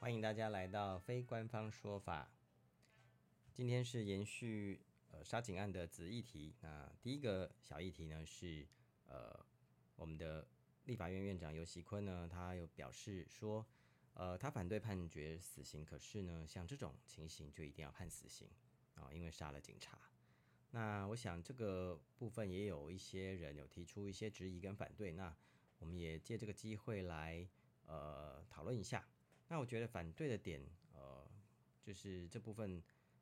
歡迎大家來到非官方說法。今天是延續呃殺警案的子議題，那第一個小議題呢，是呃我們的立法院院長游錫堃呢，他有表示說，呃他反對判決死刑，可是呢像這種情形就一定要判死刑啊，呃，因為殺了警察。那我想這個部分也有一些人有提出一些質疑跟反對，那我們也借這個機會來呃討論一下。那我覺得反對的點，呃，就是這部分，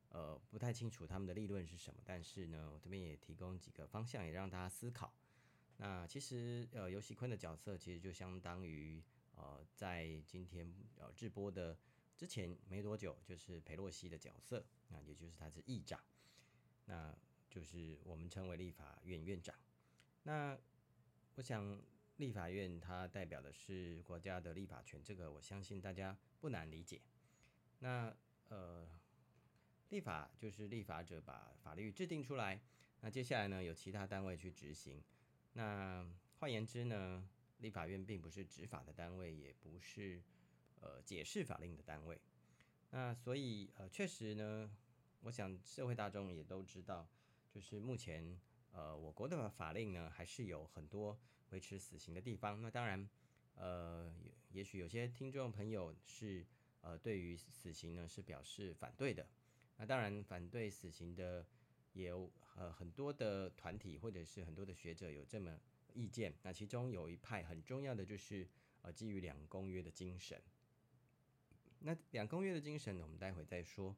呃，不太清楚他們的立論是什麼。但是呢，我這邊也提供幾個方向，也讓大家思考。那其實，呃，游錫堃的角色其實就相當於，呃，在今天呃直播的之前沒多久，就是裴洛西的角色，那、呃、也就是他是議長，那就是我們稱為立法院院長。那我想。立法院它代表的是國家的立法權，這個我相信大家不難理解。那呃，立法就是立法者把法律制定出來，那接下來呢，有其他單位去執行。那換言之呢，立法院並不是執法的單位，也不是呃解釋法令的單位。那所以呃，確實呢，我想社會大眾也都知道，就是目前呃我國的法令呢還是有很多。維持死刑的地方，那當然，呃，也許有些聽眾朋友是呃對於死刑呢是表示反對的。那當然，反對死刑的也有呃很多的團體或者是很多的學者有這麼意見。那其中有一派很重要的就是呃基於兩公約的精神。那兩公約的精神呢，我們待會再說。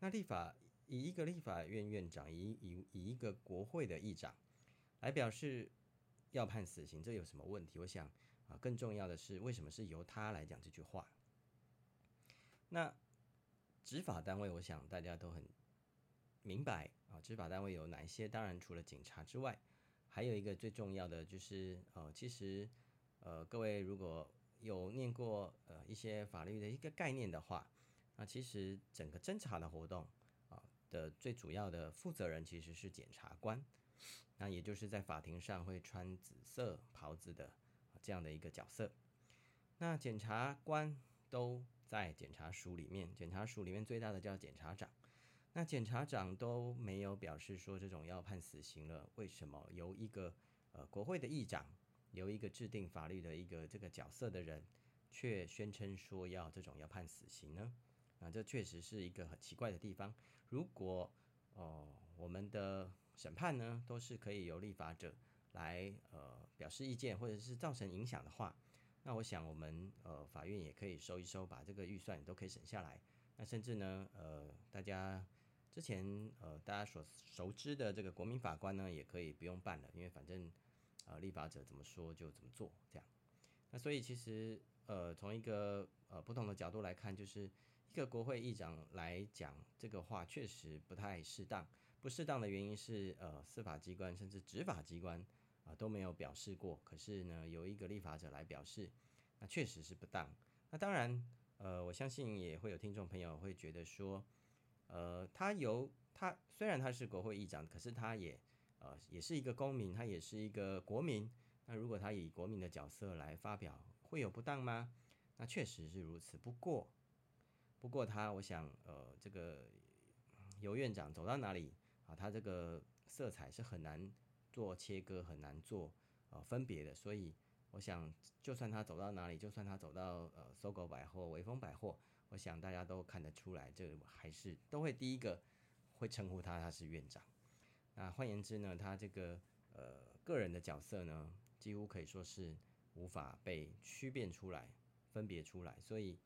那立法以一個立法院院長以以以一個國會的議長來表示。要判死刑，這有什麼問題？我想啊，更重要的是，為什麼是由他來講這句話？那執法單位，我想大家都很明白啊。執法單位有哪一些？當然，除了警察之外，還有一個最重要的就是，呃，其實，呃，各位如果有念過呃一些法律的一個概念的話，那其實整個偵查的活動啊的最主要的負責人其實是檢察官。那也就是在法庭上會穿紫色袍子的這樣的一個角色。那檢察官都在檢察署裡面，檢察署裡面最大的叫檢察長。那檢察長都沒有表示說這種要判死刑了，為什麼由一個呃國會的議長，由一個制定法律的一個這個角色的人，卻宣稱說要這種要判死刑呢？那這確實是一個很奇怪的地方。如果哦、呃、我們的。審判呢，都是可以由立法者來呃表示意見或者是造成影響的話，那我想我們呃法院也可以收一收，把這個預算都可以省下來。那甚至呢呃大家之前呃大家所熟知的這個國民法官呢，也可以不用辦了，因為反正呃立法者怎麼說就怎麼做這樣。那所以其實呃從一個呃不同的角度來看，就是一個國會議長來講這個話確實不太適當。不適當的原因是，呃，司法機關甚至執法機關啊、呃、都沒有表示過。可是呢，由一個立法者來表示，那確實是不當。那當然，呃，我相信也會有聽眾朋友會覺得說，呃，他由他雖然他是國會議長，可是他也呃也是一個公民，他也是一個國民。那如果他以國民的角色來發表，會有不當嗎？那確實是如此。不過，不過他，我想，呃，這個游院長走到哪裡？啊，他這個色彩是很難做切割，很難做呃分別的，所以我想，就算他走到哪裡，就算他走到呃 SOGO 百貨、微風百貨，我想大家都看得出來，這還是都會第一個會稱呼他他是院長。那換言之呢，他這個呃個人的角色呢，幾乎可以說是無法被區辨出來、分別出來，所以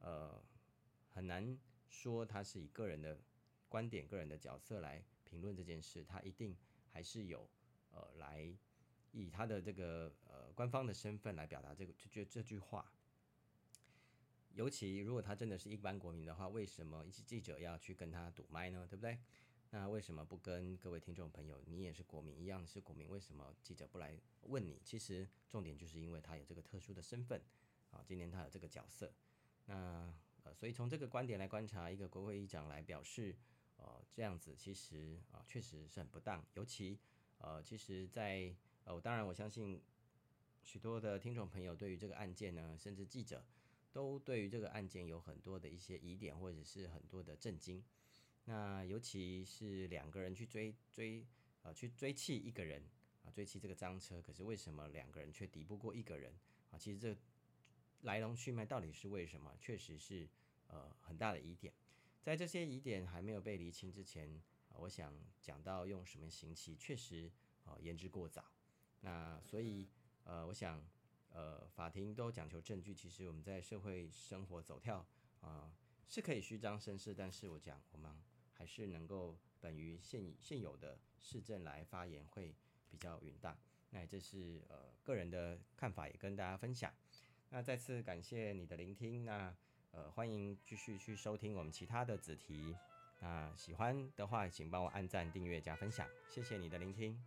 呃很難說他是以個人的觀點、個人的角色來。評論這件事，他一定還是有呃來以他的這個呃官方的身份來表達這個這句這句話。尤其如果他真的是一般國民的話，為什麼一些記者要去跟他堵麥呢？對不對？那為什麼不跟各位聽眾朋友，你也是國民，一樣是國民，為什麼記者不來問你？其實重點就是因為他有這個特殊的身份啊，今天他有這個角色。那呃，所以從這個觀點來觀察，一個國會議長來表示。呃，這樣子其實啊，確實，是很不當。尤其，呃，其實在，呃，我當然我相信許多的聽眾朋友對於這個案件呢，甚至記者都對於這個案件有很多的一些疑點，或者是很多的震驚。那尤其是兩個人去追追呃，去追緝一個人啊，追緝這個贓車，可是為什麼兩個人卻敵不過一個人啊？其實這來龍去脈到底是為什麼？確實是呃，很大的疑點。在這些疑點還沒有被釐清之前，呃、我想講到用什麼刑期確，確實啊言之過早。那所以呃，我想呃，法庭都講求證據。其實我們在社會生活走跳啊、呃，是可以虛張聲勢，但是我講我們還是能夠本於現現有的事證來發言，會比較允當。那這、就是呃個人的看法，也跟大家分享。那再次感謝你的聆聽。那。呃，歡迎繼續去收聽我們其他的子題。那喜歡的話，請幫我按讚、訂閱、加分享。謝謝你的聆聽。